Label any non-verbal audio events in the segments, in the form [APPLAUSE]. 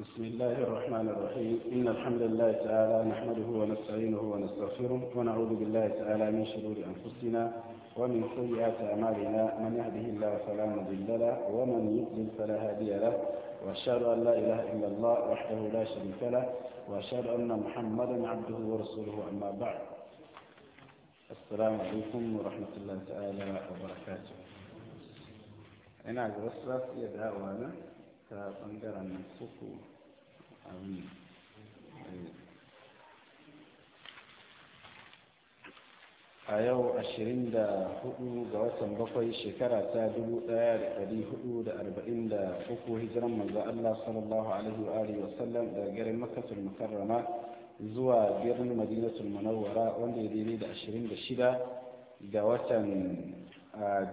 بسم الله الرحمن الرحيم إن الحمد لله تعالى نحمده ونستعينه ونستغفره ونعوذ بالله تعالى من شرور أنفسنا ومن سيئات أعمالنا من يهده الله فلا مضل له ومن يضلل فلا هادي له وأشهد أن لا إله إلا الله وحده لا شريك له وأشهد أن محمدا عبده ورسوله أما بعد السلام عليكم ورحمة الله تعالى وبركاته أنا أقول لك يا دعوانا ta ɓangaren suku a yau ashirin da hudu ga watan bakwai shekara ta dubu daya da da da dari hudu arba'in uku hijiran manzo Allah sallallahu alaihi wa alihi wasallam daga garin makasar Mukarrama zuwa birnin Madinatul Munawwara wanda ya daidai da ashirin da shida ga watan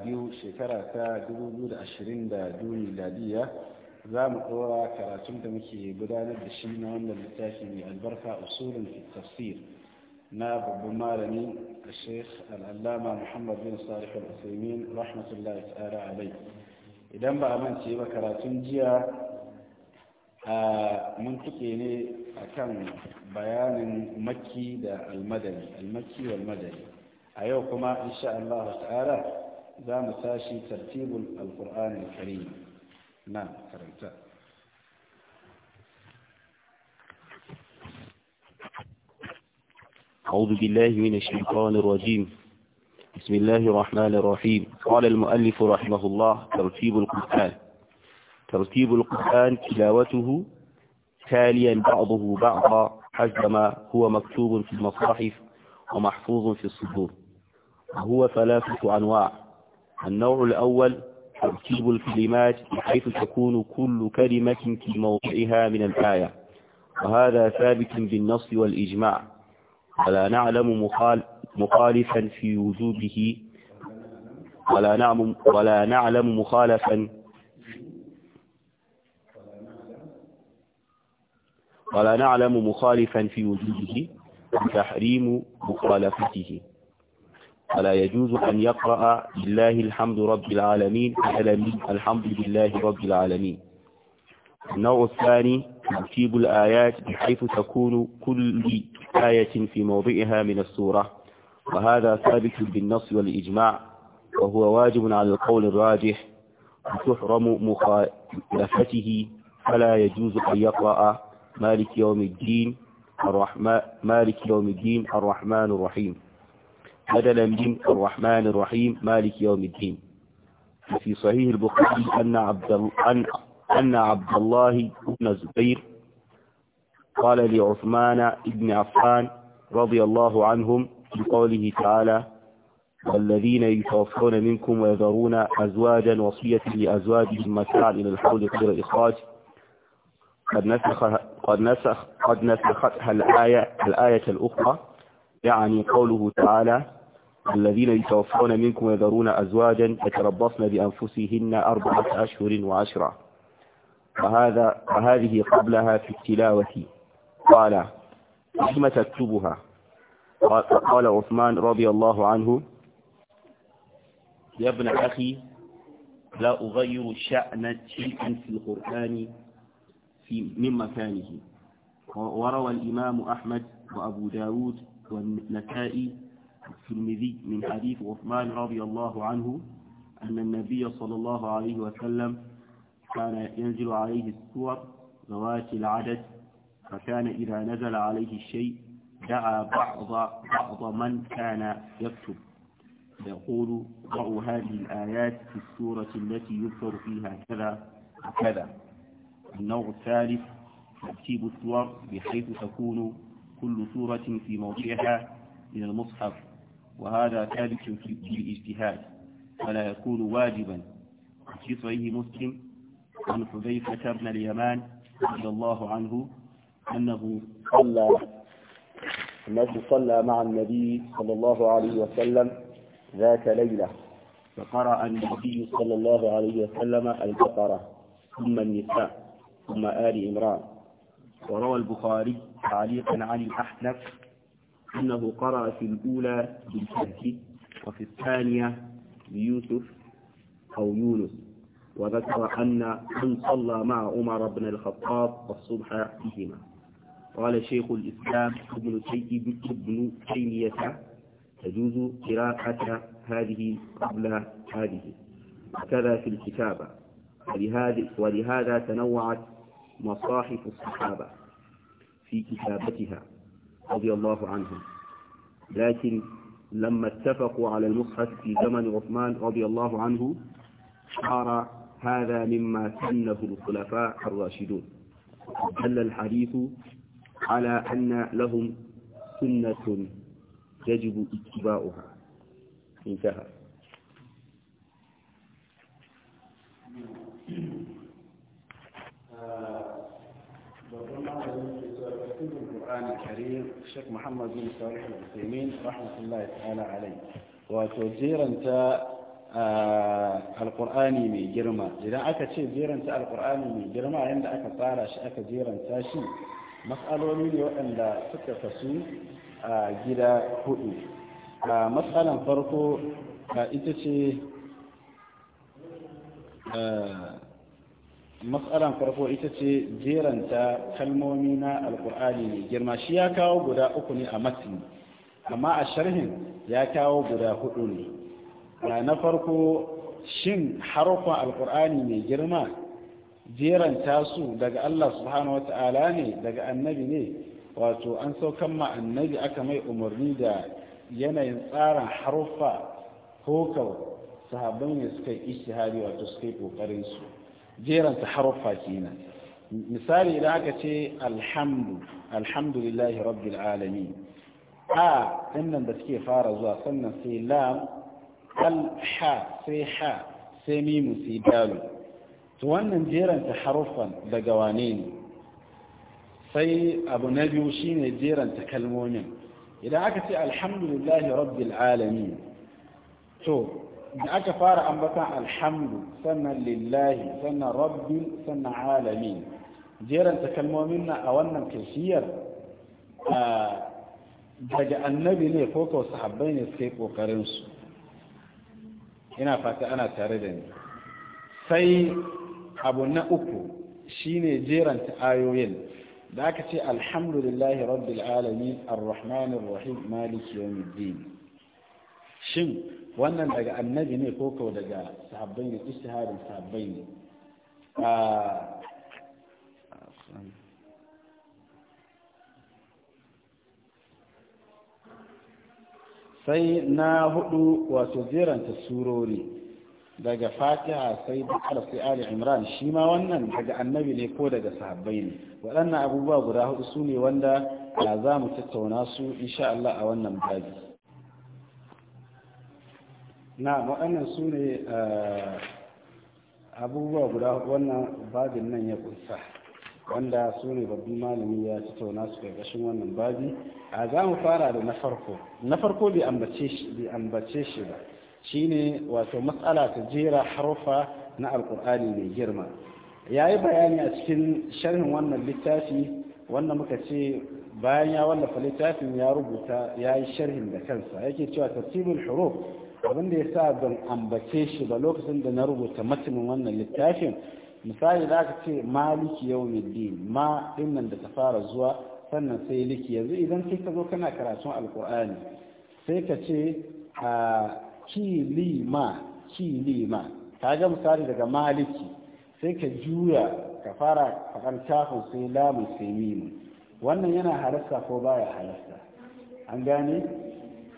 biyu shekara ta dubu da ashirin da duniya. za mu ɗora karatun da muke gudanar da shi na wannan littafi mai albarka usulun fi tafsir na babban malami a sheikh al'allama muhammad bin salih al-usaimin rahmatullahi ta'ala alai idan ba a mance ba karatun jiya a mun tuke ne kan bayanin makki da almadani almakki wal madani a yau kuma insha Allah ta'ala za mu tashi tartibul alqur'anil karim نعم فرنسا أعوذ بالله من الشيطان الرجيم بسم الله الرحمن الرحيم قال المؤلف رحمه الله ترتيب القرآن ترتيب القرآن تلاوته تاليا بعضه بعضا حسبما هو مكتوب في المصاحف ومحفوظ في الصدور وهو ثلاثة أنواع النوع الأول ترتيب الكلمات بحيث تكون كل كلمة في موضعها من الآية وهذا ثابت بالنص والإجماع ولا نعلم مخالفا في وجوبه ولا نعلم, ولا نعلم مخالفا ولا نعلم مخالفا في وجوده وتحريم مخالفته فلا يجوز أن يقرأ لله الحمد رب العالمين الحمد لله رب العالمين النوع الثاني ترتيب الآيات بحيث تكون كل آية في موضعها من السورة وهذا ثابت بالنص والإجماع وهو واجب على القول الراجح وتحرم مخالفته فلا يجوز أن يقرأ مالك يوم الدين الرحمن مالك يوم الدين الرحمن الرحيم بدلا من الرحمن الرحيم مالك يوم الدين وفي صحيح البخاري أن عبد أن أن عبد الله بن الزبير قال لعثمان بن عفان رضي الله عنهم بقوله تعالى والذين يتوفون منكم ويذرون أزواجا وصية لأزواجهم متاعا إلى الحول غير إخراج قد نسخ قد نسخ قد نسختها الآية الآية الأخرى يعني قوله تعالى الذين يتوفون منكم ويذرون أزواجا يتربصن بأنفسهن أربعة أشهر وعشرة وهذا وهذه قبلها في التلاوة قال لم تكتبها قال عثمان رضي الله عنه يا ابن أخي لا أغير شأن شيئا في القرآن في من مكانه وروى الإمام أحمد وأبو داود والنسائي الترمذي من حديث عثمان رضي الله عنه أن النبي صلى الله عليه وسلم كان ينزل عليه السور ذوات العدد فكان إذا نزل عليه الشيء دعا بعض, بعض من كان يكتب يقول ضعوا هذه الآيات في السورة التي يذكر فيها كذا وكذا النوع الثالث ترتيب السور بحيث تكون كل سورة في موضعها من المصحف وهذا ثابت في الاجتهاد فلا يكون واجبا في صحيح مسلم عن حذيفة بن اليمان رضي الله عنه أنه صلى أنه صلى مع النبي صلى الله عليه وسلم ذات ليلة فقرأ النبي صلى الله عليه وسلم البقرة ثم النساء ثم آل إمران وروى البخاري تعليقا عن الأحنف أنه قرأ في الأولى بالفتح وفي الثانية بيوسف أو يونس وذكر أن من صلى مع عمر بن الخطاب والصبح بهما قال شيخ الإسلام ابن سيد ابن تيمية تجوز قراءة هذه قبل هذه وكذا في الكتابة ولهذا, ولهذا تنوعت مصاحف الصحابة في كتابتها رضي الله عنهم لكن لما اتفقوا على المصحف في زمن عثمان رضي الله عنه صار هذا مما سنه الخلفاء الراشدون دل الحديث على أن لهم سنة يجب اتباعها انتهى القرآن الكريم الشيخ محمد بن صالح العثيمين رحمة الله تعالى عليه alkur'ani mai girma idan aka ce jeranta alkur'ani mai girma yadda aka tsara shi aka jeranta shi matsaloli ne waɗanda suka kasu a gida hudu a matsalan farko ita ce matsalan farko ita ce jeranta kalmomi na alkur'ani ne girma shi ya kawo guda uku ne a matini amma a sharhin ya kawo guda hudu ne na farko shin harufan alkur'ani mai girma jeranta su daga allah subhanahu wa ta'ala ne daga annabi ne wato an saukan ma annabi aka mai umarni da yanayin tsarin haruffa ko kawai sahabban ne suka yi ishihari wato suka yi kokarin su jeran ta haruffa kenan misali idan aka ce alhamdu alhamdulillahi rabbil a dinnan da suke fara zuwa sannan sai lam al ha sai ha sai mimu sai dalu to wannan jeran ta haruffan daga wane ne sai abu na biyu shine jeran ta kalmomin idan aka ce alhamdulillahi rabbil alami to da aka fara ambatan alhamdu sannan lillahi sannan rabbi sannan alamin jeranta kalmomin na a wannan kashiyar daga annabi ne ko ko sahabbai ne suka kokarin su ina fata ana tare da ni sai abu na uku shine jeranta ayoyin da aka ce alhamdulillahi rabbil alamin arrahmanir rahim maliki yawmiddin shin wannan daga annabi ne ko ko daga sahabbai ne istihadin sahabbai ne ah, sai na hudu wato jeranta surori daga fatiha sai bakar sai ali imran shi ma wannan daga annabi ne ko daga sahabbai ne waɗannan abubuwa guda hudu su ne wanda ah, za mu tattauna su insha Allah a wannan bagi na waɗannan su ne eh, abubuwa guda wannan babin nan ya kunsa wanda su ne babban malami ya tauna su ƙarƙashin wannan babi a za mu fara da na farko na farko bai ambace shi ba ne wato matsala ta jera harufa na alkur'ani mai girma ya yi bayani a cikin sharhin wannan littafi wanda muka ce bayan ya wallafa littafin ya rubuta ya yi sharhin da kansa yake cewa tartibul huruf abin da ya sa ban ambace shi ba lokacin da na rubuta matanin wannan littafin misali da aka ce maliki yau middin ma dinnan da ta fara zuwa sannan sai liki yanzu idan sai ka zo kana karatun alkur'ani sai ka ce a li ma. ta ga misali daga maliki sai ka juya ka fara faɗan tafin sai lamun sai mimu wannan yana halasta ko baya halasta an gane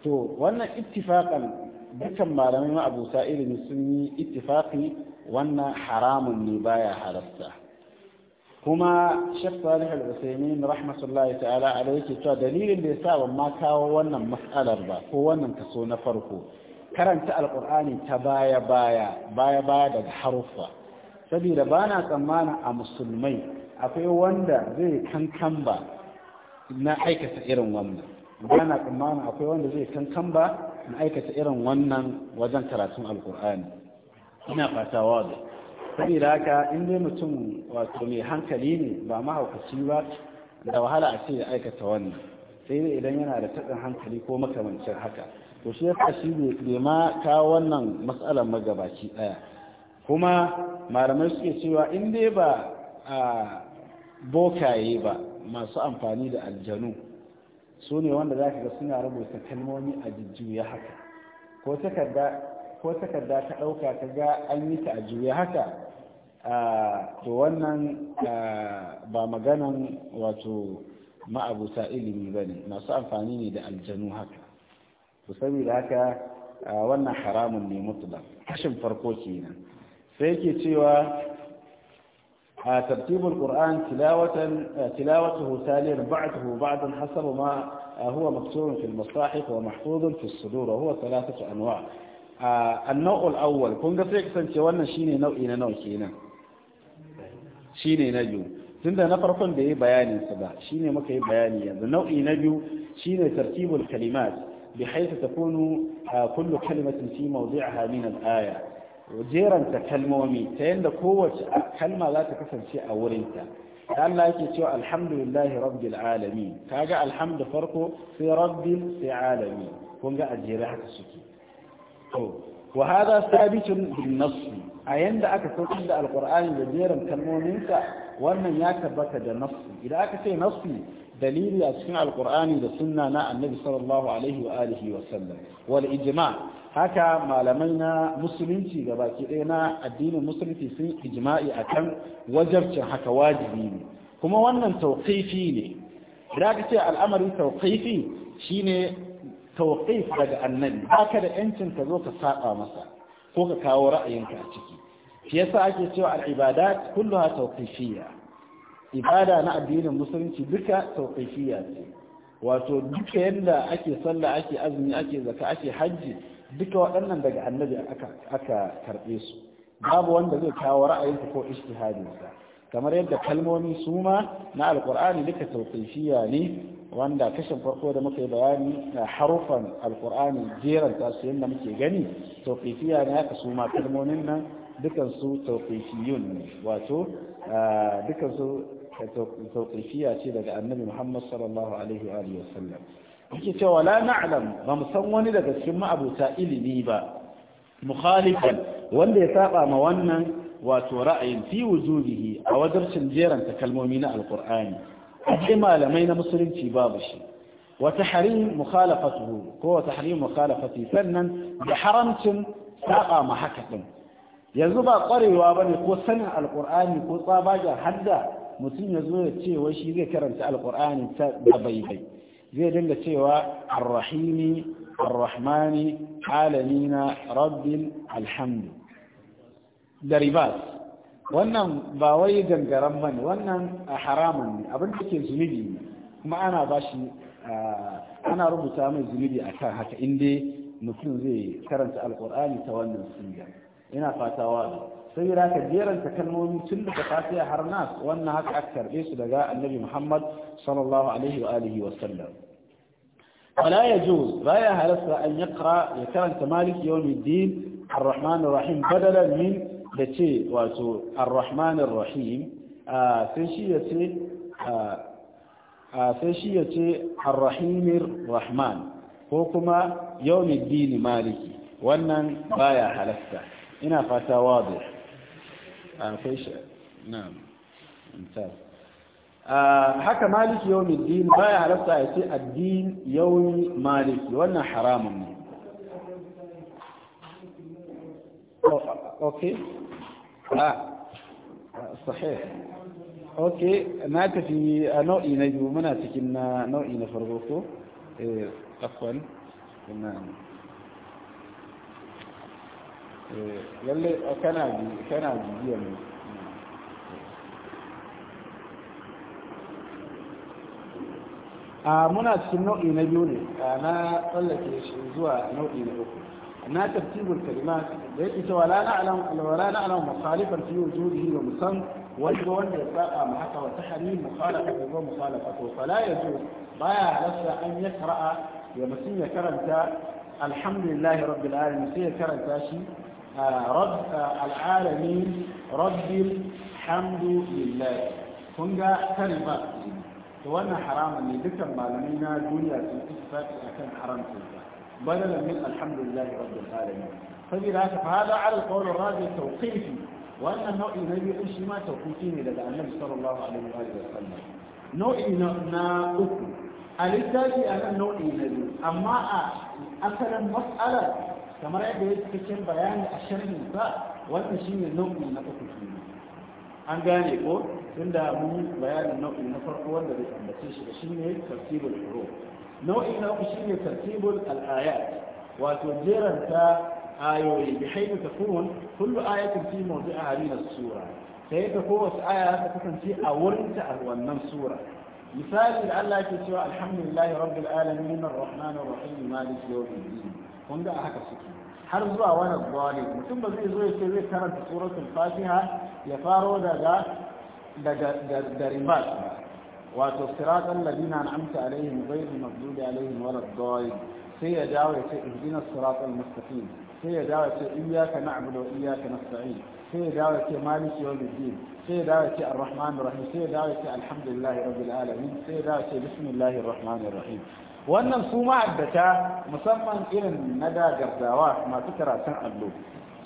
to wannan ittifakan Bukan malamai ma'abuta ilimi sun yi ittifaqi wannan haramun ne baya halarta. kuma shek salih al-usaimin rahmatullahi ta'ala alaihi ta cewa dalilin da yasa ban ma kawo wannan matsalar ba ko wannan kaso na farko karanta alkur'ani ta baya baya baya baya daga haruffa saboda bana tsammanin a musulmai akwai wanda zai kankan ba na aikata irin wannan bana tsammanin akwai wanda zai kankan ba in aikata irin wannan wajen karatun alkur'ani ina fata wazo saboda haka in dai mutum wato mai hankali ne ba mahaukaci ba da wahala a ce ya aikata wannan sai dai idan yana da taɗin hankali ko makamancin haka to shi yasa shi bai ma kawo wannan matsalar magabaci ɗaya kuma malamai suke cewa in dai ba a bokaye ba masu amfani da aljanu su ne wanda za ka ga suna rubuta kalmomi a jujjuya haka ko takarda ta ɗauka ta ga an yi ta a juya haka to wannan ba maganan wato ma'abuta ilimi ba ne masu amfani ne da aljanu haka to saboda haka wannan haramun ne da kashin farko kenan sai yake cewa آه، ترتيب القرآن تلاوة آه، تلاوته تاليا بعده بعد حسب ما آه، هو مكتوب في المصاحف ومحفوظ في الصدور وهو ثلاثة أنواع النوع الأول كن قصيك سنتيوانا شيني نوئينا نوئينا شيني نجو سند نفرق به بياني سبا شيني مكي بياني النوئي نجو شيني ترتيب الكلمات بحيث تكون كل كلمة في موضعها من الايه jeranta kalmomi ta yadda kowace kalma za ta kasance a wurinta da Allah yake cewa alhamdulillahi rabbil alami, kaga alhamdu farko sai rabbil sai alami kun ga ajere haka suke to wa hada sabitun bin nass a yanda aka saukar da alqur'ani da jeran kalmominsa wannan ya tabbata da nass idan aka ce nass dalili a cikin alqur'ani da sunna na annabi sallallahu alaihi wa alihi wa sallam wal ijma' haka malamai na musulunci da baki ɗaya na addinin musulunci sun ijma'i kan wajabcin haka wajibi ne kuma wannan tauƙifi ne da ka ce al'amarin tauƙifi shine tauƙif daga annabi haka da yancin ka zo ka saba masa ko ka kawo ra'ayinka a ciki shi yasa ake cewa al'ibadat kulluha tauqifiyya ibada na addinin musulunci duka tauqifiyya ce wato duka yadda ake sallah ake azumi ake zaka ake hajji duka waɗannan daga annabi aka karɓe su babu wanda zai kawo ra'ayin ra'ayinsa ko ishtihadinsa kamar yadda kalmomi su ma na Alƙur'ani duka tausayiya ne wanda kashin farko da muka yi bayani na harufan alƙur'ani jeran tasu yadda muke gani tausayiya ne aka su ma kalmomin nan dukan su tausayiyun ne wato dukan su tausayiya ce daga annabi Muhammad sallallahu alaihi wa sallam yake cewa la na'lam ba mu san wani daga cikin ma'abuta ilimi ba mukhalifan wanda ya saba ma wannan wato ra'ayin fi wujubihi a wajarcin ta kalmomi na alqur'ani malamai na musulunci babu shi wa tahrim mukhalafatuhu ko wa tahrim mukhalafati sannan da haramcin saba ma haka din yanzu ba kwarewa bane ko sanin alqur'ani ko tsabagen hadda mutum ya zo ya ce wai shi zai karanta alqur'ani ta bai bai zai dinga cewa arrahimi arrahmani alamina rabbil alhamdu da wannan ba wai gangaren ba ne wannan eh, haramun ne abin da ke zunubi ne kuma ana ba shi eh, ana rubuta mai zunubi a kan haka inda mutum zai karanta alkur'ani ta wannan sunga ina fatawa sai ka geran ta kalmomi tun daga fatiha har nas wannan haka aka karbe su daga annabi muhammad sallallahu alaihi wa sallam wala yajuz baya halasta an yaqra ya karanta malik yawmiddin ar-rahman ar-rahim badalan min da ce sai shi ya ce sai shi ko kuma yawmiddin maliki wannan baya halasta ina fata wadi فيش نعم ممتاز آه، حكى مالك يوم الدين باي على سايتي الدين يوم مالك وانا حرام اوكي لا آه، صحيح اوكي ما في نوع ينجو مناتك نوع ينفرغوكو ايه قفل نعم Eh, lalle kana kana bibiyar mu a muna cikin nau'i na biyu ne na tsallake shi zuwa nau'i na uku na tartibul kalimat da yake cewa la na'lam wala na'lam mukhalifan fi wujudihi wa musam wanda wanda ya saba ma haka wa tahrim mukhalafatu wa mukhalafatu fala yajuz baya halasta an yakra'a ya mutum ya karanta alhamdulillahi rabbil alamin sai ya karanta shi رب العالمين رب الحمد لله كنجا كلمة وانا حرام اللي ذكر معلمينا دنيا تنفت كان حرام كنجا بدلا من الحمد لله رب العالمين فبلا فهذا على القول الراجع توقيفي وانه نوع النبي اشما توقيفيني لدى النبي صلى الله عليه واله وسلم نوع نا اكو الاستاذ انا نوع النبي اما اكثر المساله kamar yadda ya cikakken bayani a ba sa wannan shine nau'i na uku kenan an gane ko tunda mun bayanin nau'i na farko wanda zai ambace shi da shine tartibul furu nau'i na uku shine tartibul al'ayat wato jeranta ayoyi bi ta takun kullu ayatin fi mawdi'iha a as-sura sai ta kowace aya ta kasance a wurinta a wannan sura misali da Allah ke cewa alhamdulillahi rabbil alamin arrahmanir rahim maliki yawmiddin kun ga haka suke har zuwa wani zuwali mutum ba zai zo ya ce zai karanta suratul fatiha ya faro daga daga ribat wato siratan ladina an'amta alaihim ghayril maghdubi alaihim walad dallin sai ya dawo ya ce ihdinas siratal mustaqim sai ya dawo ya ce iyyaka na'budu wa iyyaka nasta'in sai ya dawo ya ce maliki yawmiddin sai ya dawo ya ce arrahmanir rahim sai ya dawo ya ce alhamdulillahi rabbil alamin sai ya dawo ya ce bismillahir rahmanir rahim wannan su ma'addata musamman irin na da gardawa masu karatun allo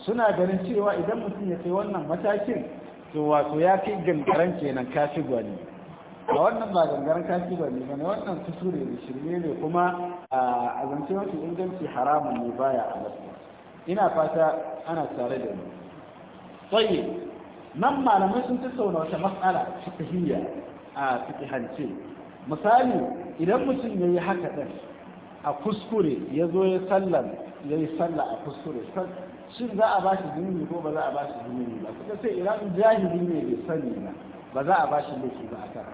suna ganin cewa idan mutum ya kai wannan matakin to wato ya fi gangaren kenan kashi gwani a wannan ba gangaren kashi gwani ba ne wannan kusure da shirme ne kuma a zance wasu inganci haramun ne baya a ina fata ana tare da ni tsaye nan malamai sun tattauna wata matsala fikihiyya a fikihance misali idan mutum ya yi haka ɗan a kuskure ya zo ya sallar ya yi sallah a kuskure shin za a ba shi ko ba za a ba shi zunubi ba kuma sai idan jahili ne bai sani na, ba za a ba shi laifi ba a kan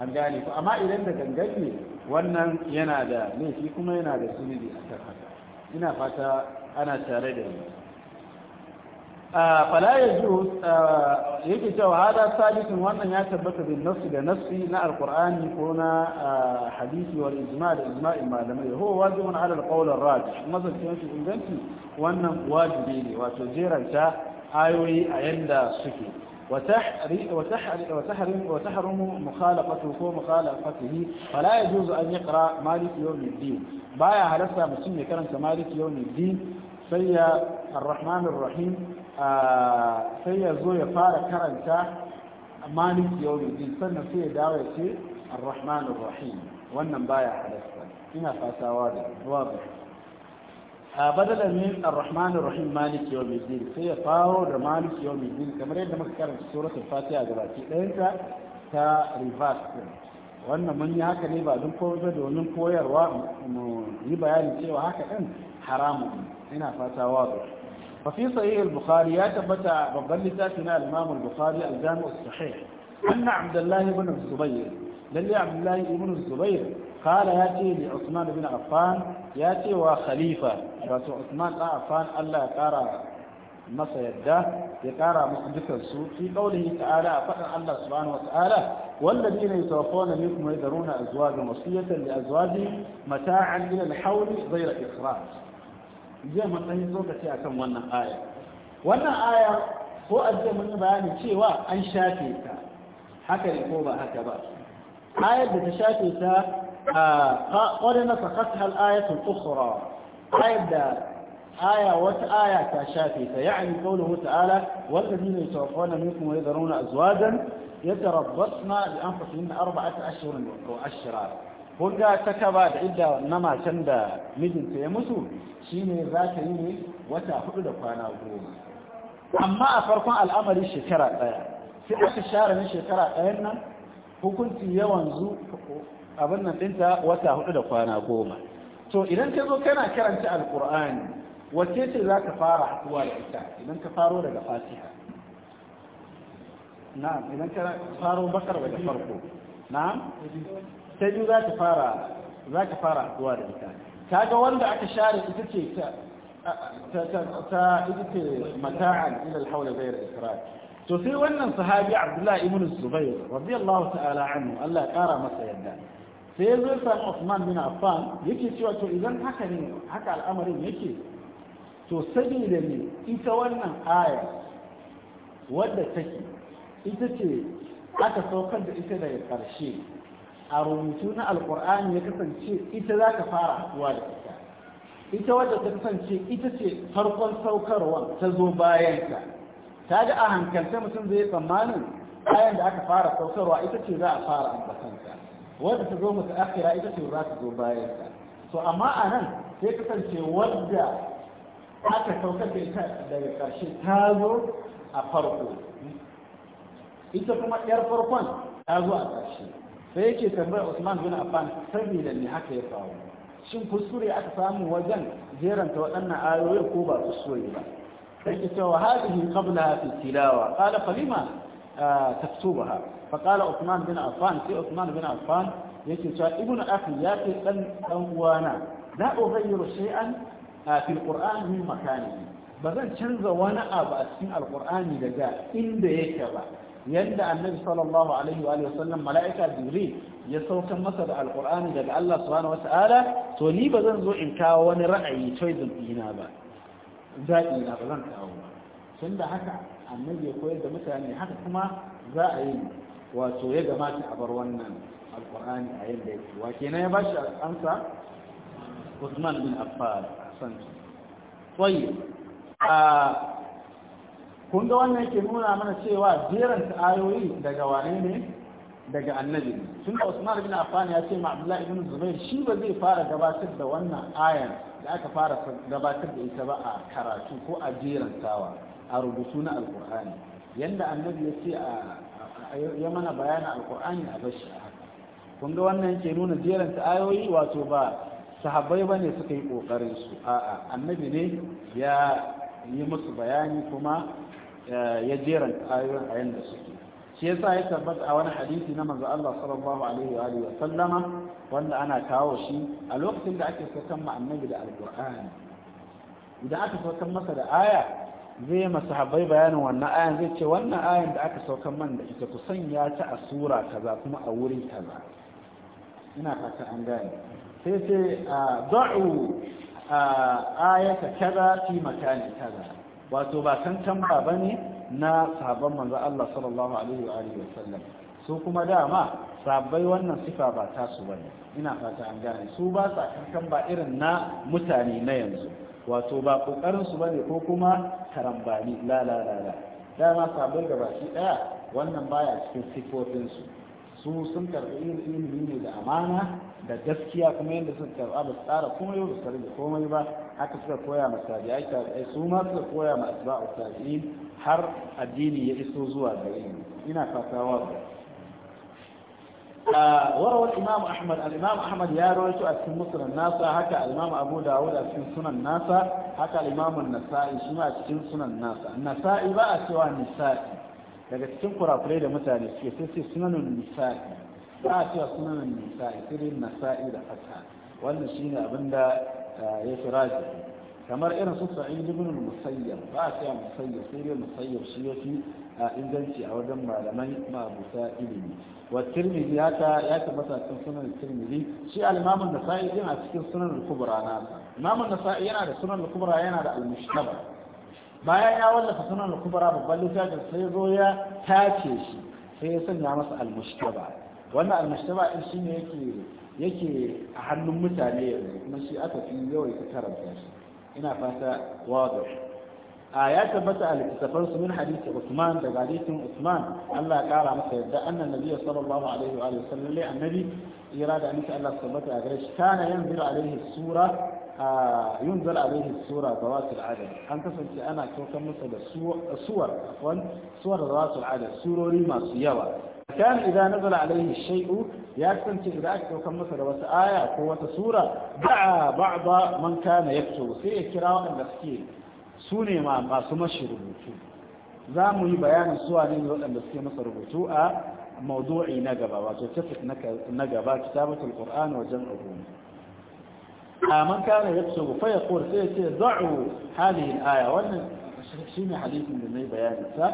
an gane ku amma idan da gangan ne wannan yana da laifi kuma yana da zunubi a kan ina fata ana tare da ni fala yaju yake cewa hada sabitin wannan ya tabbata bin nafsi da nafsi na alkurani ko na hadisi wal ijma da ijma'in malamai ho wajibun ala alqawl arrajih mazancin shi inganci wannan wajibi ne wato jeranta ayoyi a yanda suke وتحرم وتحرم مخالفته ومخالفته فلا يجوز أن يقرأ مالك يوم الدين بايا هلسا مسلم يكرم مالك يوم الدين سيا الرحمن الرحيم sai ya zo ya fara karanta malik yau din sannan sai ya dawo ce ar-rahman ar-rahim wannan baya halasta ina fatawa da zuwa ba a badalar min ar-rahman ar-rahim malik yau din sai ya faro da malik yau din kamar yadda muka karanta suratul fatiha baki ɗayanta ta reverse wannan mun yi haka ne ba don koyar domin koyarwa mu yi bayani cewa haka ɗin haramun ina fatawa ba ففي صحيح البخاري يتبتع بغلتاتنا الإمام البخاري الجامع الصحيح أن عبد الله بن الزبير للي عبد الله بن الزبير قال ياتي لعثمان بن عفان ياتي وخليفة رسول عثمان بن عفان ألا قارى masa yadda ya kara musu dukansu fi ta'ada a fadar Allah subhanahu wata'ala walladina yatawaffawna minkum yadruna azwajan wasiyatan li mata mata'an ila al-hawli zai matsayin lokaci a kan wannan aya wannan aya ko a zai mun bayani cewa an shafe ta haka ne ko ba haka ba ayar da ta shafe ta a ƙwarin na sakat hal ayatun ukhra ayar da aya wata aya ta shafe ta ya'ani qawluhu ta'ala wallazina yatawaffawna minkum wa yadharuna azwajan yatarabbasna bi anfusihinna arba'ata ashhurin wa ashra kun ta kaba da idda na matan da mijinta ya musu shine za ta yi ne wata hudu da kwana goma amma a farkon al'amari shekara ɗaya sai aka share na shekara ɗayan nan hukunci yawan zu abin nan ɗinta wata hudu da kwana goma to idan ka zo kana karanta alkur'ani wace ce za ka fara haɗuwa da ita idan ka faro daga fatiha na'am idan ka faro bakar daga farko na'am ta biyu za ka fara za ka fara da ita ga wanda aka share ita ce ta ta ita ce mata'an ila alhawla ghayr israr to sai wannan sahabi abdullahi ibn Zubair radiyallahu ta'ala anhu Allah ya kara masa yadda sai ya zo san Uthman bin Affan yake cewa to idan haka ne haka al'amarin yake to saboda ne ita wannan aya wadda take ita ce aka saukar da ita daga ƙarshe a rubutu na alkur'ani ya kasance ita za ka fara haɗuwa da ita ita wadda ta kasance ita ce farkon saukarwa ta zo ka. ta ga a hankalce mutum zai tsammanin bayan da aka fara saukarwa ita ce za a fara ambatanta wadda ta zo mutu akira ita ce za ta zo ka. to amma a nan sai kasance wadda aka saukar da ita daga ƙarshe ta zo a farko ita kuma 'yar farkon ta zo a ƙarshe sai yake tambayar Usman bin Affan saboda ne haka ya faru shin kuskure aka samu wajen jeranta waɗannan ayoyin ko ba kuskure ba sai ke cewa hadihi qabla fi tilawa qala falima ah, taktubaha fa qala Usman bin Affan sai Usman bin Affan yake cewa ibnu akhi ya ɗan dan dan uwana la ughayyiru shay'an ah, fi alquran min makani ba zan canza wani abu a cikin alqur'ani daga inda yake ba yadda annabi sallallahu alaihi wa sallam mala'ika jibril ya saukar masa da alqur'ani daga Allah subhanahu wata'ala to ni ba zan zo in kawo wani ra'ayi choice ina ba zaɓi na ba zan kawo ba tunda haka annabi ya koyar da mutane haka kuma za a yi wato ya gamata a bar wannan alqur'ani a yadda yake wa kenan ya bashi amsa Usman bin Affan san tayyib ah, kun ga wannan yake nuna mana cewa jeran ayoyi daga wane ne daga annabi tun da Usman bin Affan ya ce ma ibn Zubair shi ba zai fara gabatar da wannan ayan da aka fara gabatar da ita ba a karatu ko a jerantawa a rubutu na alkur'ani yanda annabi ya ce ya mana bayanin alkur'ani a bashi a haka kun ga wannan yake nuna jeranta ayoyi wato ba sahabbai ba ne suka yi ƙoƙarin su a'a annabi ne ya yi musu bayani kuma Eh, ya jeranta ayoyin a yanda suke shi yasa ya tabbata a wani hadisi na manzo Allah sallallahu alaihi wa alihi wa sallama wanda ana kawo shi a lokacin da ake saukan ma annabi da alqur'ani idan aka saukan masa da aya zai ma habai bayanin wannan ayan zai ce wannan ayan da aka saukan man da ita kusan ya ta a sura kaza kuma a wuri kaza ina fata an gane sai sai da'u ayata kaza fi makani kaza wato ba tantan ba bane na sabon manzo Allah sallallahu alaihi wa alihi wasallam su kuma dama sabbai wannan sifa ba ta su bane ina fata an gane su ba sa tantan ba irin na mutane na yanzu wato ba kokarin su bane ko kuma karambani la la la la dama sabbai ɗaya daya wannan baya cikin sifofinsu su sun karɓi ilimi ne da amana da gaskiya kuma yadda suka karɓa ba tsara kuma yau da da komai ba haka suka koya ma tabi'ai tabi'ai su ma suka koya ma asba'u har addini ya iso zuwa gare ni ina fata wa وروى الإمام أحمد الإمام أحمد يا رويت أسكن مصر a هكا الإمام أبو داود أسكن سنن الناسا هكا الإمام النسائي شما أسكن سنن الناسا النسائي بقى سوى nisa'i. daga cikin kurakurai da mutane suke sai sai sunanin nisa'i ba a cewa sunanin nisa'i sai nasa'i da fata wannan shi ne abin da eh, ya fi raji kamar irin su sa'id ibn musayyar, ba a cewa musayyar sai dai musayyar shi ya fi eh, inganci a wajen malamai ma'abuta ilimi wa tirmidhi haka ya tabbata cikin sunan tirmidhi shi al-imam an-nasa'i yana cikin sunan al-kubra na imam an-nasa'i yana da sunan al-kubra yana da al-mushtaba bayan ya wallafa sunan al-kubra babban littafin sai zo ya tace shi sai ya sanya masa al-mushtaba wannan al-mushtaba din shine yake yake a hannun mutane yanzu kuma shi aka fi yawai ta karanta shi ina fata wazo a ya tabbata a littattafan su min hadisi Usman daga hadisin Usman Allah ya kara masa yadda annan nabiyyu sallallahu alaihi wa sallam lai annabi ira da annabi Allah tabbata a gare shi kana yanzu alaihi sura yun zala alaihi sura zawatul adad an kasance ana kyautar masa da suwar afwan suwar surori masu yawa kan idan nazala alaihi shay'u ya kasance idan aka kyautar masa da wata aya ko wata sura da'a ba'da man kana yaktubu sai ya kira waɗanda suke su ne masu mashi rubutu za mu yi bayanin suwa ne waɗanda suke masa rubutu a maudu'i na gaba wato tafik na gaba kitabatul qur'an wa jam'u a man kana yaksu fa yaqul sai yace da'u hadhihi al-aya wannan shine hadisin da nayi bayani sa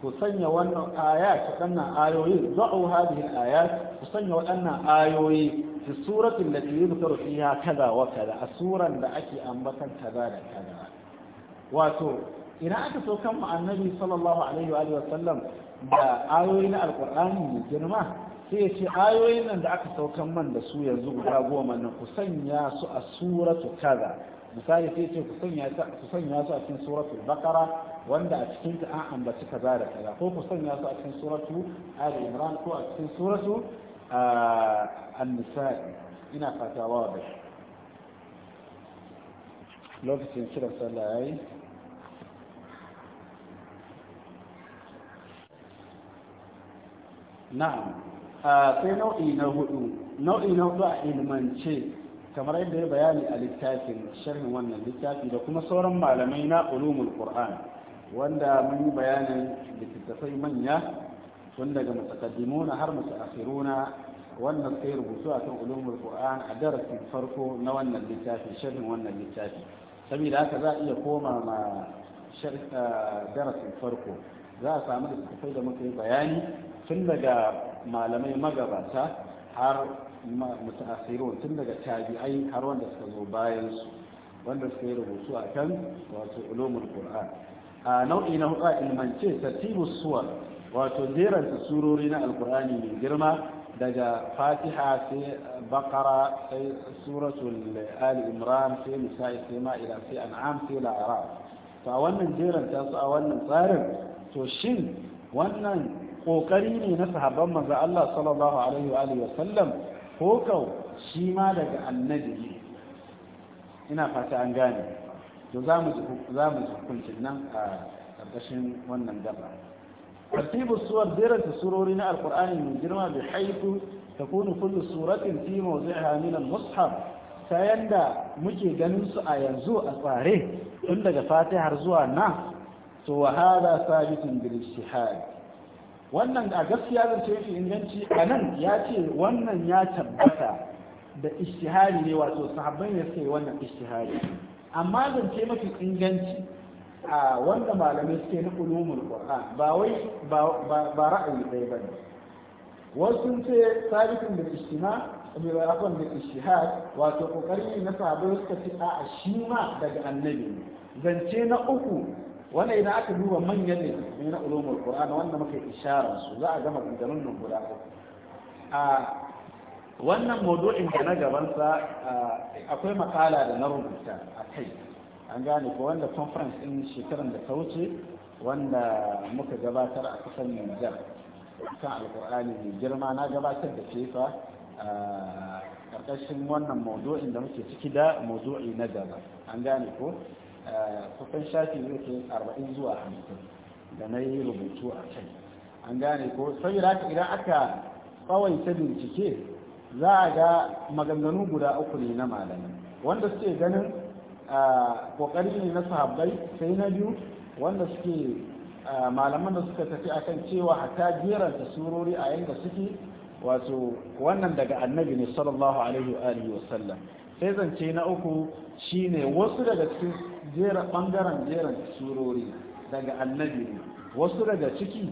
ku sanya wannan aya ta kannan ayoyi hadhihi al ku sanya wadannan ayoyi fi suratin da ke yuzkaru fiha kaza wa kaza asuran da ake ambatan kaza da kaza wato ina aka so kan annabi sallallahu alaihi wa sallam da ayoyi na alqur'ani mai girma sai ce ayoyin nan da aka saukan man da su yanzu guda goma nan ku sanya su a suratu kaza misali sai ce ku sanya su a cikin suratu bakara wanda a cikin ta an ambaci kaza da kaza ko ku sanya su a cikin suratu ali imran ko a cikin suratu an-nisa'i ina fata wa da lokacin kiran sallah yayi na'am Ah, sai nau'i na hudu nau'i na hudu a ilmance kamar yadda ya bayani a littafin sharhin wannan littafi da kuma sauran malamai na ulumul qur'an wanda mun yi bayanin littattafai manya tun daga na har mutaakhiruna wannan sai rubutu a kan ulumul qur'an a darasin farko na wannan littafi sharhin wannan littafi saboda haka za a iya koma ma ah, darasin farko za a samu littattafai da muka yi bayani tun daga malamai magabata har mutaakhirun tun daga tabi'ai har wanda suka zo bayan su wanda suka yi rubutu a kan wato ulumul qur'an a nau'i na hudu a ilmance tartibu suwar wato jeranta surori na alqur'ani mai girma daga fatiha sai bakara sai suratul ali imran sai nisa'i sai ma'ida sai an'am sai la'ara to a wannan jeranta su a wannan tsarin to shin wannan kokari ne na sahabban manzo Allah sallallahu alaihi wa alihi wasallam ko kau shi ma daga annabi ne ina fata an gane to za mu za nan a karkashin wannan gaba tartibu suwar diranta surori na alqur'ani mai girma bi haifu takunu kullu suratin fi mawdi'iha min al-mushaf ta yanda muke ganin su a yanzu a tsare tun daga fatihar zuwa na to wa hada sabitun bil ijtihad wannan a gaskiya zan ce shi inganci a nan ya ce wannan ya tabbata da ishtihari ne wato sahabban ya suka wannan ishtihari amma zan ce mafi inganci a wanda malamai suke na ulumul qur'an ba wai ba ra'ayi dai ba ne wasu ce sabitin da ishtima bai akon da istihad wato kokari na sahabbai suka ci a shi ma daga annabi zance na uku wannan idan aka duba manyan ne na ulumul qur'ani wanda muka isharar su za a gama gangamin nan guda a wannan mawdu'in da na gaban sa akwai makala da na rubuta a kai an gane ko wanda conference din shekaran da ta wuce wanda muka gabatar a kusan Niger kan alqur'ani mai girma na gabatar da fefa a karkashin wannan mawdu'in da muke ciki da mawdu'i na gaba an gane ko kusan shafi zai ke arba'in zuwa 50 da na yi rubutu a kai an gane ko saboda haka idan aka ta bincike za a ga maganganu guda uku ne na malami wanda suke ganin kokari ne na sahabbai sai na biyu wanda suke malaman da suka tafi akan cewa hatta ta surori a yanda suke wato wannan daga annabi ne sallallahu alaihi wa alihi sai zance na uku shine wasu daga cikin jera bangaren jeran surori daga annabi ne wasu daga ciki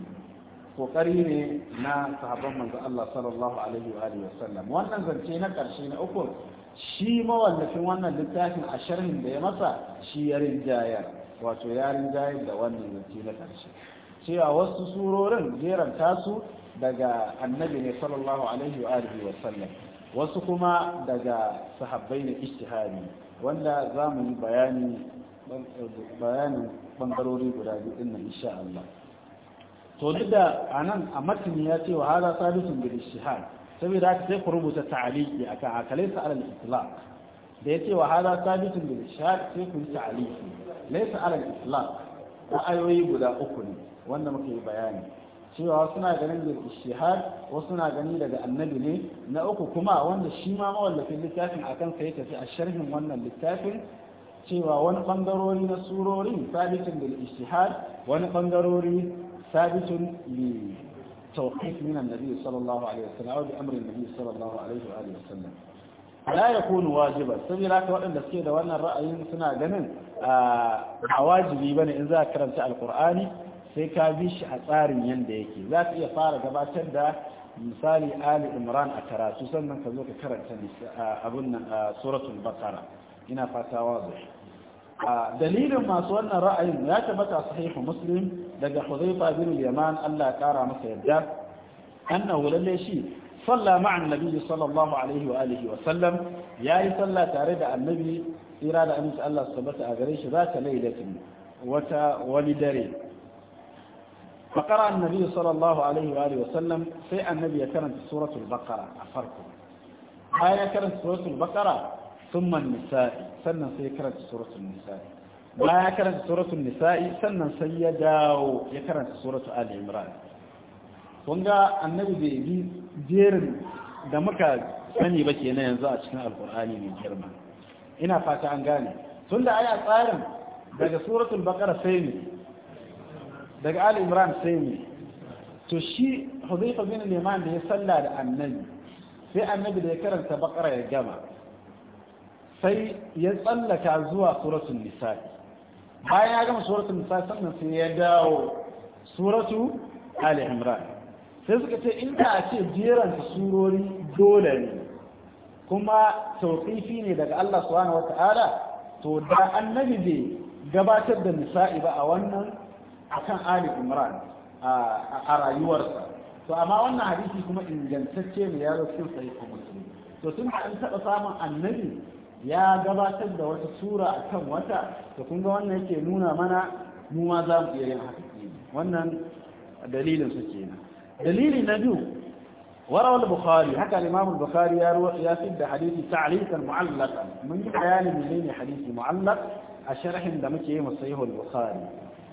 kokari ne na sahabban manzo Allah sallallahu alaihi wa alihi wasallam wannan zance na karshe na uku shi mawallafin wannan littafin a sharhin da ya masa shi ya rinjayar wato ya rinjayar da wannan zance na karshe cewa wasu surorin jeran tasu daga annabi ne sallallahu alaihi wa alihi wasallam wasu kuma daga sahabbai ne ijtihadi wanda za mu yi bayani bayanin bangarori guda biyu din nan insha Allah to duk da anan a matni ya ce wa hada salisun bil ishihad saboda haka sai ku rubuta ta'aliki akan akalaysa alal itlaq da yace wa hada salisun bil ishihad sai ku yi ta'aliki laysa alal itlaq ra'ayoyi guda uku ne wanda muka yi bayani cewa suna ganin da ishihad wasu suna gani daga annabi ne na uku kuma wanda shi ma mawallafin littafin akan sai tafi a sharhin wannan littafin cewa wani ɓangarori na surorin sabitin lil ijtihad wani ɓangarori sabitin li tawqif min sallallahu alaihi wasallam bi amri annabi sallallahu alaihi wa alihi la yakunu wajiba saboda ka waɗanda suke da wannan ra'ayin suna ganin a wajibi bane in za ka karanta alqur'ani sai ka bi shi a tsarin yanda yake za ka iya fara gabatar da misali ali imran a karatu sannan ka zo ka karanta abun nan suratul baqara ina fata wazo dalilin masu wannan ra'ayin ya tabbata sahihu muslim daga huzaifa bin yaman Allah ya kara masa yadda annahu lalle shi salla ma'an nabi sallallahu alaihi wa alihi wa sallam yayi salla tare da annabi tsira da aminci Allah su tabbata a gare shi zaka lailatin wata wani dare فقرأ النبي صلى الله عليه وآله وسلم في النبي كانت سورة البقرة أفركم آية كانت سورة البقرة thumman nisa'i sannan sai ya karanta suratul nisa'i baya karanta suratul nisa'i sannan sai ya dawo ya karanta suratul ali imran kun ga annabi bai bi jerin da muka sani ba kenan yanzu a cikin alkur'ani mai girma ina fata an gane tun da aya tsarin daga suratul baqara sai ne daga ali imran sai ne to shi hudayfa bin liman da ya salla da annabi sai annabi da ya karanta baqara ya gama sai ya tsallaka zuwa suratun nisa bayan ya gama suratun nisa'i sannan sai ya dawo suratu ali imran sai suka ce in a ce jeran surori dole ne kuma tauqifi ne daga Allah subhanahu wata'ala to da annabi bai gabatar da nisa'i ba a wannan akan ali imran a rayuwarsa to amma wannan hadisi kuma ingantacce ne ya zo cikin sahih muslim to tun da an taɓa samun annabi ya gabatar da wata sura a kan wata da kun ga wannan yake nuna mana mu ma za mu iya yin haka wannan dalilin su dalili na biyu warawal bukhari haka imam bukhari ya ruwa ya da hadisi ta'liqan mu'allaqan mun yi bayanin menene hadisi mu'allaq a sharhin da muke yi sahih al-bukhari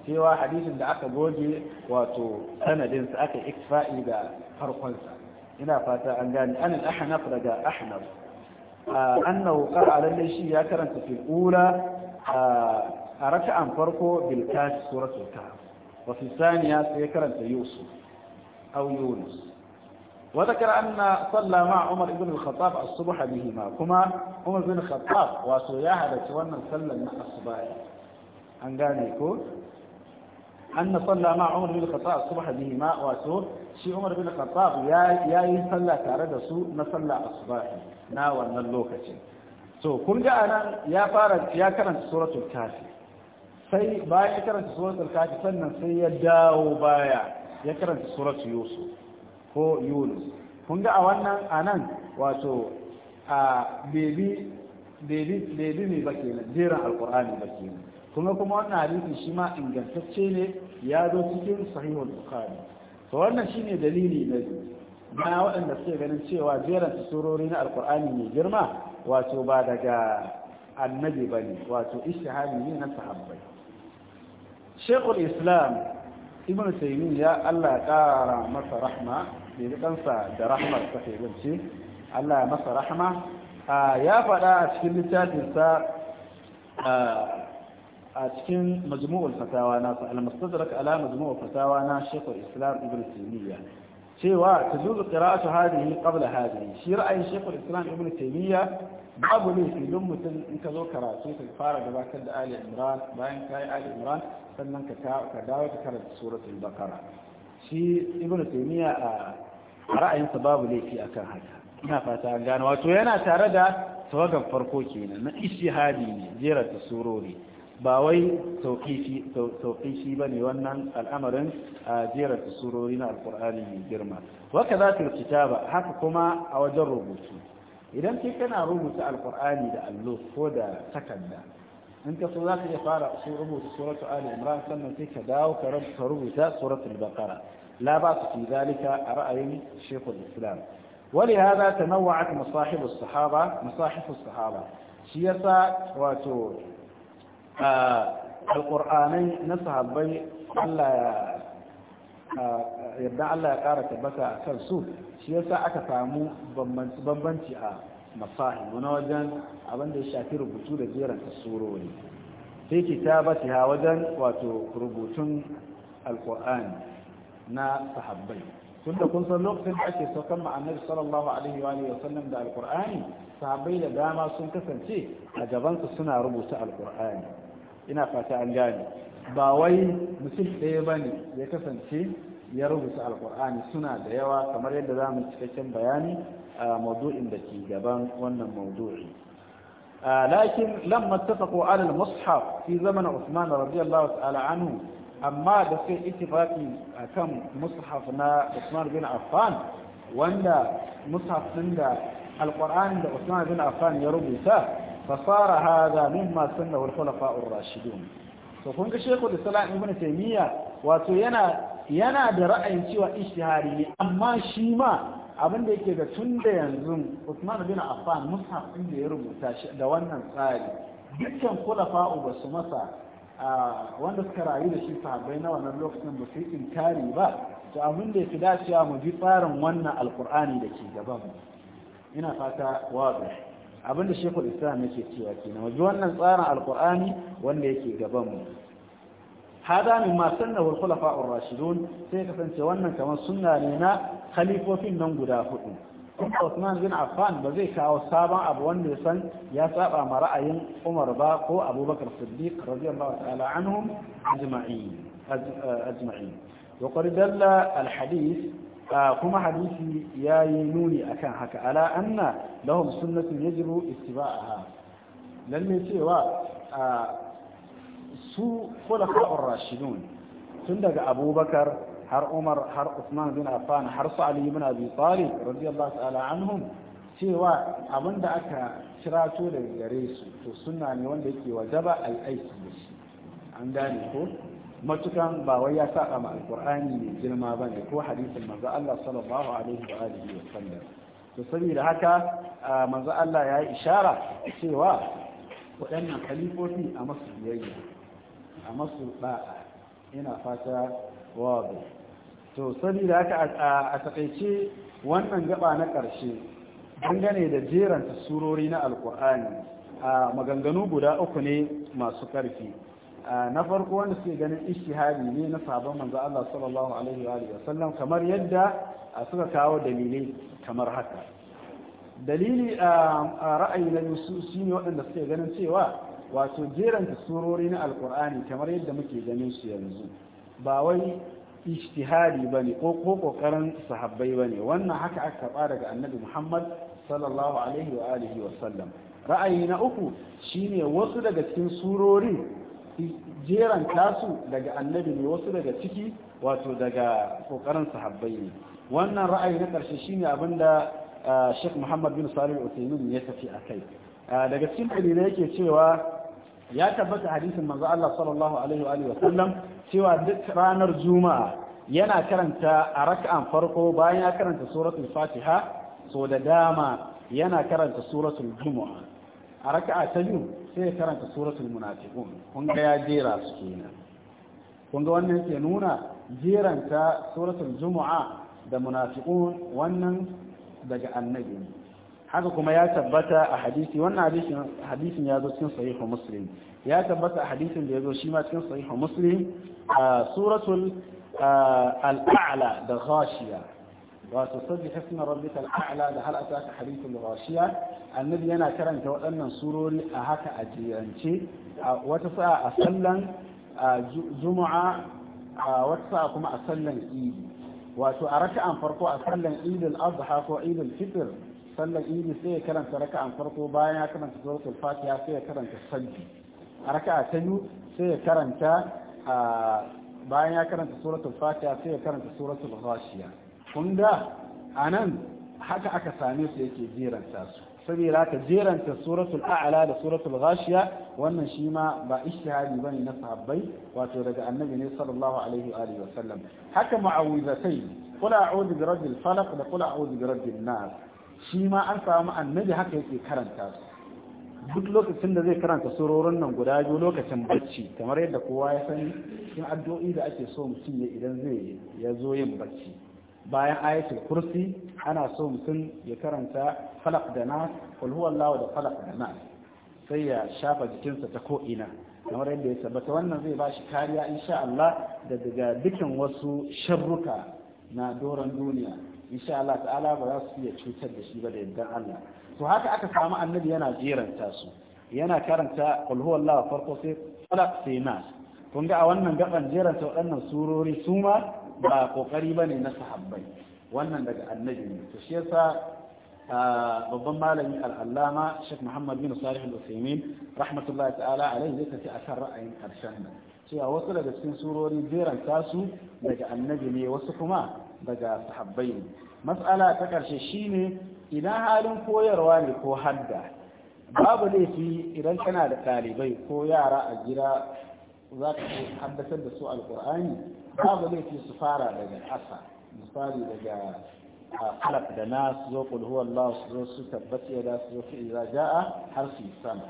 cewa hadisin da aka goge wato sanadin sa aka ikfa'i da farkon sa ina fata an gane an al-ahnaf daga ahnaf annahu qara lalle shi ya karanta fi ula a raka'an farko bil kafi suratul kahf wa fi sai karanta yusuf aw yunus وذكر أن صلى مع عمر بن الخطاب الصبح بهما كما عمر بن الخطاب وسياحة لتوانا صلى مع الصباح أن قال أن صلى مع عمر بن الخطاب صبح بهما واتور شي عمر بن الخطاب يا يا صلى تارد سو نصلى الصباح نا wannan lokacin so kun ga anan ya fara ya karanta suratul kafi sai bayan ya karanta suratul kafi sannan sai ya dawo baya ya karanta suratul yusuf ko yunus kun ga a wannan anan wato a bebi bebi bebi ne ba kenan jeran alqur'ani ba kenan kuma kuma wannan hadisi shi ma ingantacce ne ya zo cikin sahihul bukhari to wannan shine dalili na na waɗanda suke ganin cewa jeran surori na alkur'ani mai girma wato ba daga annabi ne wato ishihari ne na sahabbai shekul islam ibn taymin ya Allah ƙara masa rahma bai da rahmar ta ke allah ya masa rahma ah, ya faɗa a cikin littafinsa ah, a cikin majmu'ul fatawa na sa al-mustadrak ala majmu'ul fatawa na Sheikh Islam Ibn Taymiyyah cewa tajuzu qira'atu hadhihi qabla hadhihi shi ra'ayin Sheikh Islam Ibn Taymiyyah babu ne filin mutum in ka zo karatu ka fara gabatar da Ali Imran bayan ka yi Ali Imran sannan ka ka dawo ka karanta suratul Baqara shi Ibn Taymiyyah a ra'ayinsa babu laifi akan haka ina fata gane wato yana tare da tawagan farko kenan na ishihadi ne jera ta surori ba wai sauƙi shi ba ne wannan al'amarin a jerar surori na alƙur'ani mai girma waka za ta fita ba haka kuma a wajen rubutu idan kai kana rubuta alƙur'ani da allo ko da takarda in ka so za ka iya fara su rubuta suratu ali imran sannan sai ka dawo ka rubuta suratul baqara la ba su fi zalika a ra'ayin shekul islam ta تنوعت مصاحب الصحابة مصاحف shi yasa wato. alƙur'anai na sahabbai Allah yarda Allah ya ƙara tabbata a kan su shi yasa aka samu bambanci a masahi wani wajen abin da ya shafi rubutu da jeran surori sai kitabati ha wajen wato rubutun alƙur'ani na sahabbai tun da kun san lokacin da ake saukan ma'anar sallallahu alaihi wa sallam da alƙur'ani sahabbai da dama sun kasance a gabansu suna rubuta alƙur'ani ina fata an gane ba wai mutum ɗaya ba ne ya kasance ya rubuta alkur'ani suna da yawa kamar yadda za mu cikakken bayani a maudu'in da ke gaban wannan maudu'i lakin lamma tafaqu ala al-mushaf fi zaman Uthman radiyallahu ta'ala anhu amma da sai ittifaqi akan mushaf na Uthman bin Affan wanda mushaf din da alkur'ani da Uthman bin Affan ya rubuta fasara hada mimma sunnahu al-khulafa ar-rashidun to kun ga shekul islam ibn wato yana da ra'ayin cewa ishtihari ne amma shi ma abin da yake da tun da yanzu Usman bin Affan mushaf din da ya rubuta shi da wannan tsari dukkan khulafa ba su masa wanda suka rayu da shi sahabbai na wannan lokacin ba su yi inkari ba to abin da yake dacewa mu bi tsarin wannan alkur'ani da ke gaban ina fata wazi abinda shekul islam yake cewa kenan waje wannan tsarin alkur'ani wanda yake gaban mu hada min ma sanna wal khulafa rashidun sai kasance wannan kamar sunna ne na khalifofin nan guda hudu Usman bin Affan ba zai kawo sabon abu wanda ya san ya saba ma ra'ayin Umar ba ko Abubakar Siddiq radiyallahu ta'ala anhum ajma'in ajma'in wa qad dalla al hadith kuma hadisi ya yi nuni akan haka ala anna lahum sunnatun yajibu ittiba'aha lalle cewa su khulafa'ur rashidun tun daga abubakar har umar har usman bin affan har su ali bin abi talib radiyallahu ta'ala anhum cewa abun da aka kirato daga gare su to sunna ne wanda yake wajaba al'aiki da an gane ko matukan ba wai ya saba ma alqur'ani ne girma bane ko hadisin manzo Allah sallallahu alaihi wa alihi wa sallam to saboda haka manzo Allah ya yi ishara cewa waɗannan khalifofi a masu biyayya a masu da'a ina fata wabi to saboda haka a takaice wannan gaba na ƙarshe dangane da jeranta surori na alkur'ani a maganganu guda uku ne masu ƙarfi Ah, na farko wanda suke ganin ishihari ne na sabon manzo Allah sallallahu alaihi wa wasallam kamar yadda ah, suka kawo dalilai kamar haka dalili ah, a ra'ayi na su shine waɗanda suke ganin cewa wato jeranta surori na alkur'ani kamar yadda muke ganin su yanzu ba wai ijtihadi bane ko ko kokarin sahabbai bane wannan haka aka karba daga annabi Muhammad sallallahu alaihi wa alihi wasallam ra'ayi na uku shine wasu daga cikin surori jeran tasu daga annabi ne wasu daga ciki wato daga kokarin sahabbai ne wannan ra'ayi na karshe shine abinda Sheikh Muhammad bin Salih Al-Uthaymeen ya tafi akai daga cikin dalilai yake cewa ya tabbata hadisin manzo Allah sallallahu alaihi wa sallam cewa duk ranar juma'a yana karanta a rak'an farko bayan ya karanta suratul Fatiha so da dama yana karanta suratul Jumu'a a raka'a ta biyu sai ya karanta suratul munafiqun kun ga ya jera su kenan kun ga wannan yake nuna jeranta suratul jumu'a da munafiqun wannan daga annabi haka kuma ya tabbata a hadisi wannan hadisin hadisin ya zo cikin sahihu muslim ya tabbata a hadisin da ya zo shi ma cikin sahihu muslim a suratul al-a'la da ghashiya wato sabbi hasna rabbika al'a'la da hal ataka hadithul ghashiya annabi yana karanta waɗannan surori a haka a jiyance wata sa'a a sallan juma'a wata sa'a kuma a sallan idi wato a raka'an farko a sallan idul adha ko idul fitr sallan idi sai ya karanta raka'an farko bayan ya karanta suratul fatiha sai ya karanta sabbi a raka'a ta biyu sai ya karanta bayan ya karanta sai ya karanta kun a nan haka aka same su yake jeranta su saboda haka jeranta suratul a'la da suratul ghashiya wannan shi ma ba ishtihadi bane na sahabbai wato daga annabi ne sallallahu alaihi wa alihi sallam haka mu'awizatai qul a'udhu bi rabbil falaq da qul a'udhu bi rabbin nas shi ma an samu annabi haka yake karanta su duk lokacin da zai karanta surorin nan guda biyu lokacin bacci kamar yadda kowa ya sani cikin addu'o'i da ake so mutum ya idan zai ya zo yin bacci bayan ayatul kursi ana so mutum ya karanta falak da nas qul huwallahu da falak da nas sai ya shafa jikinsa ta ko'ina kamar yadda ya tabbata wannan zai ba shi kariya insha Allah da daga dukkan wasu sharruka na doron duniya insha Allah ta'ala ba za su iya cutar da shi ba da yadda Allah to haka aka samu annabi yana jeranta su yana karanta qul huwallahu farko sai falak sai nas kun ga a wannan gaban jeranta waɗannan surori su ma ba kokari ba ne na sahabbai wannan daga annabi ne to shi yasa babban malami al'allama Sheikh Muhammad bin Salih al-Usaimin rahmatullahi ta'ala alai zai tafi a kan ra'ayin karshen nan cewa wasu daga cikin surori jeranta su daga annabi ne wasu kuma daga sahabbai ne matsala ta karshe shine idan halin koyarwa ne ko hadda babu laifi idan kana da ɗalibai ko yara a gida za ka haddasar da su alkur'ani babu laifi su fara daga ƙasa misali daga falak da na su zo kulhu Allah su zo su tabbaci ya da su zo fi iza ja'a har su yi sama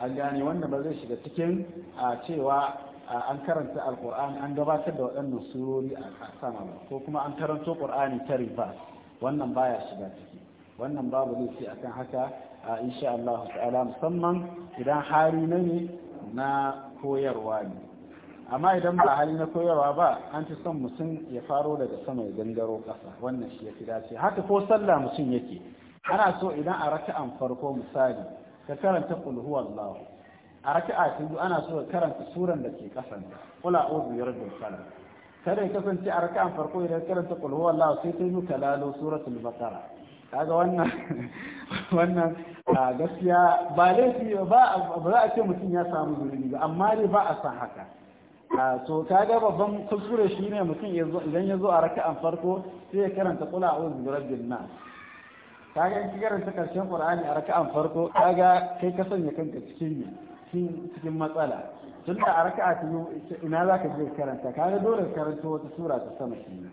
an gane wannan ba zai shiga cikin a cewa an karanta alkur'ani an gabatar da waɗannan surori a sama ba ko kuma an karanto qur'ani ta riba wannan baya shiga ciki wannan babu laifi akan haka a insha Allah ta'ala musamman idan hari ne na koyarwa ne amma idan ba hali na koyarwa ba an ci son mutum ya faro daga sama ya gangaro ƙasa wannan shi ya fi dace haka ko sallah mutum yake ana so idan a raka'an farko misali ka karanta kulhu wallahu a raka'a ta biyu ana so ka karanta suran da ke ƙasan kula uzu ya rabbil falaq kada ya kasance a raka'an farko idan karanta kulhu wallahu sai ta yi kalalo suratul baqara kaga wannan [LAUGHS] wannan gaskiya ba laifi ba ba za a ce mutum ya samu zurbi ba amma dai ba a san haka a to kaga babban kuskure shine mutum idan ya zo a raka'an farko sai ya karanta kula a uzu rabbin na kaga in ki karanta karshen qur'ani a raka'an farko kaga kai ka sanya kanka cikin cikin matsala tun da a raka'a ta ina za ka je karanta kaga dole ka karanta wata sura ta sama kenan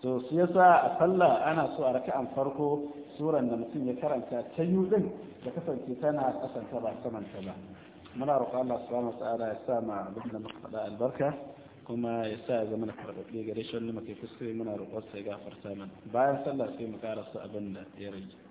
to shi yasa a sallah ana so a raka'an farko suran da mutum ya karanta ta yi din da kasance tana kasanta ba samanta ba من أرق الله سبحانه وتعالى يسامع بحنا مقبلاء البركة وما يساء زمن كربت لي قريش ولم كيف يسكري من أرق وصي قافر سامن بعد سلا في مكارس أبن يريج